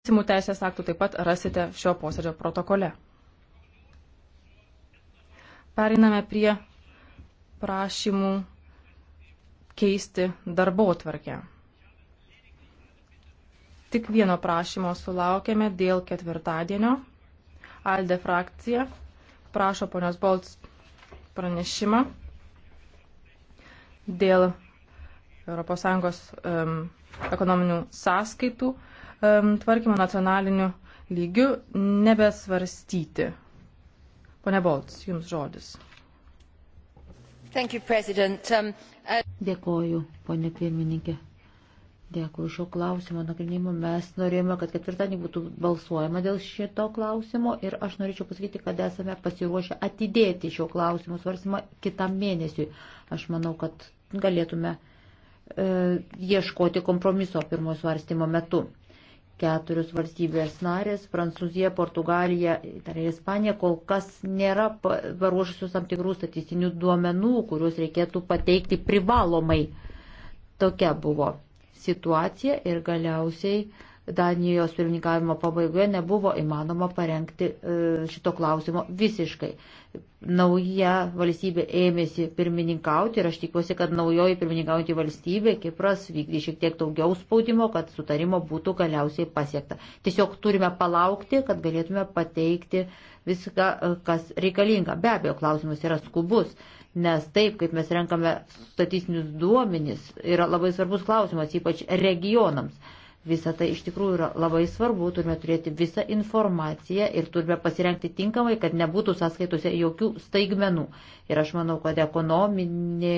įstatymų teisės aktų taip pat rasite šio posėdžio protokole. Periname prie prašymų keisti darbo tvarkę. Tik vieno prašymo sulaukėme dėl ketvirtadienio. Alde frakcija prašo ponios Bolts pranešimą dėl ES ekonominių sąskaitų tvarkymo nacionaliniu lygiu nebesvarstyti. Pone Bolts, jums žodis. You, um, uh... Dėkoju, ponė pirmininkė. Dėkui už šio klausimo nagrinimą. Mes norėjome, kad ketvirtadienį būtų balsuojama dėl šito klausimo ir aš norėčiau pasakyti, kad esame pasiruošę atidėti šio klausimo svarstymą kitam mėnesiui. Aš manau, kad galėtume E, ieškoti kompromiso pirmo svarstymo metu. Keturios valstybės narės - Prancūzija, Portugalija, Italija ir Ispanija - kol kas nėra paruošusios tam tikrų statistinių duomenų, kuriuos reikėtų pateikti privalomai. Tokia buvo situacija ir galiausiai uh, Danijos pirmininkavimo pabaigoje nebuvo įmanoma parengti e, šito klausimo visiškai. Nauja valstybė ėmėsi pirmininkauti ir aš tikiuosi, kad naujoji pirmininkaujanti valstybė, Kipras, vykdys šiek tiek daugiau spaudimo, kad sutarimo būtų galiausiai pasiekta. Tiesiog turime palaukti, kad galėtume pateikti viską, e, kas reikalinga. Be abejo, klausimas yra skubus. Nes taip, kaip mes renkame statistinius duomenys, yra labai svarbus klausimas, ypač regionams Visa tai iš tikrųjų yra labai svarbu, turime turėti visą informaciją ir turime pasirengti tinkamai, kad nebūtų sąskaitose jokių staigmenų. Ir aš manau, kad ekonominė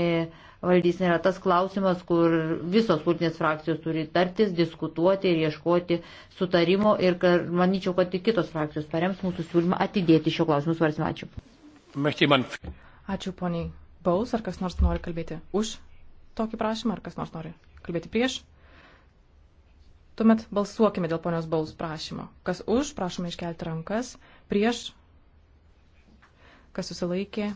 valdysena yra tas klausimas, kur visos kultinės frakcijos turi tartis, diskutuoti ir ieškoti sutarimo ir kad, manyčiau, kad tik kitos frakcijos parems mūsų siūlymą atidėti šio klausimų svarstymą. Ačiū. Ačiū poniai Baus, ar kas nors nori kalbėti už tokį prašymą, ar kas nors nori kalbėti prieš? Tuomet balsuokime dėl ponios baus prašymo. Kas už, prašome iškelti rankas. Prieš, kas susilaikė.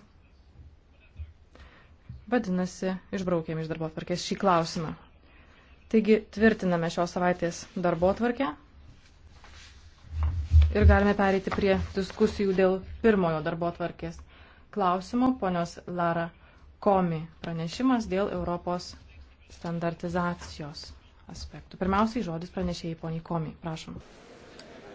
Vadinasi, išbraukėme iš darbo atvarkės šį klausimą. Taigi tvirtiname šios savaitės darbo atvarkę ir galime pereiti prie diskusijų dėl pirmojo darbo atvarkės klausimo, ponios Lara Komi pranešimas dėl Europos standartizacijos aspektų. Pirmiausiai žodis pranešėjai poniai Komi. Prašom.